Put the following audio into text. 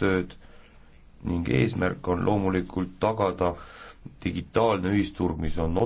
tööd ning eesmärk on loomulikult tagada digitaalne ühisturg, mis on odav